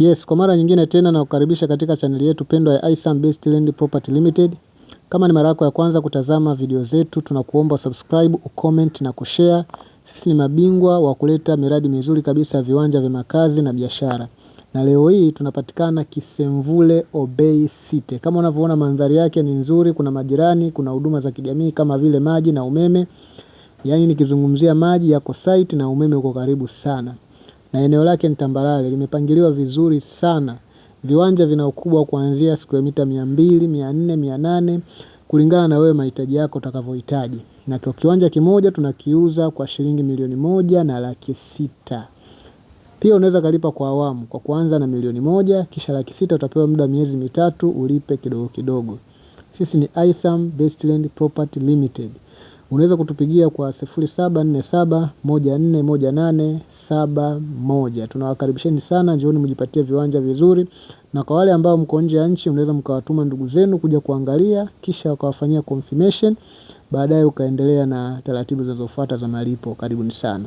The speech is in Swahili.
Yes, kwa mara nyingine tena nakukaribisha katika chaneli yetu pendwa ya Isam Best Land Property Limited. Kama ni mara yako ya kwanza kutazama video zetu, tunakuomba subscribe, ucomment na kushare. Sisi ni mabingwa wa kuleta miradi mizuri kabisa ya viwanja vya makazi na biashara, na leo hii tunapatikana Kisemvule Obey City. Kama unavyoona mandhari yake ni nzuri, kuna majirani, kuna huduma za kijamii kama vile maji na umeme. Yaani nikizungumzia maji yako site na umeme uko karibu sana na eneo lake ni tambarare, limepangiliwa vizuri sana. Viwanja vina ukubwa kuanzia square mita mia mbili, mia nne, mia nane kulingana na wewe mahitaji yako utakavyohitaji, na kwa kiwanja kimoja tunakiuza kwa shilingi milioni moja na laki sita. Pia unaweza kalipa kwa awamu kwa kuanza na milioni moja kisha laki sita utapewa muda miezi mitatu ulipe kidogo kidogo. Sisi ni Isam Bestland Property Limited. Unaweza kutupigia kwa 0747141871. Tunawakaribisheni sana, njooni mjipatie viwanja vizuri, na kwa wale ambao mko nje ya nchi, unaweza mkawatuma ndugu zenu kuja kuangalia, kisha wakawafanyia confirmation, baadaye ukaendelea na taratibu zinazofuata za malipo. Karibuni sana.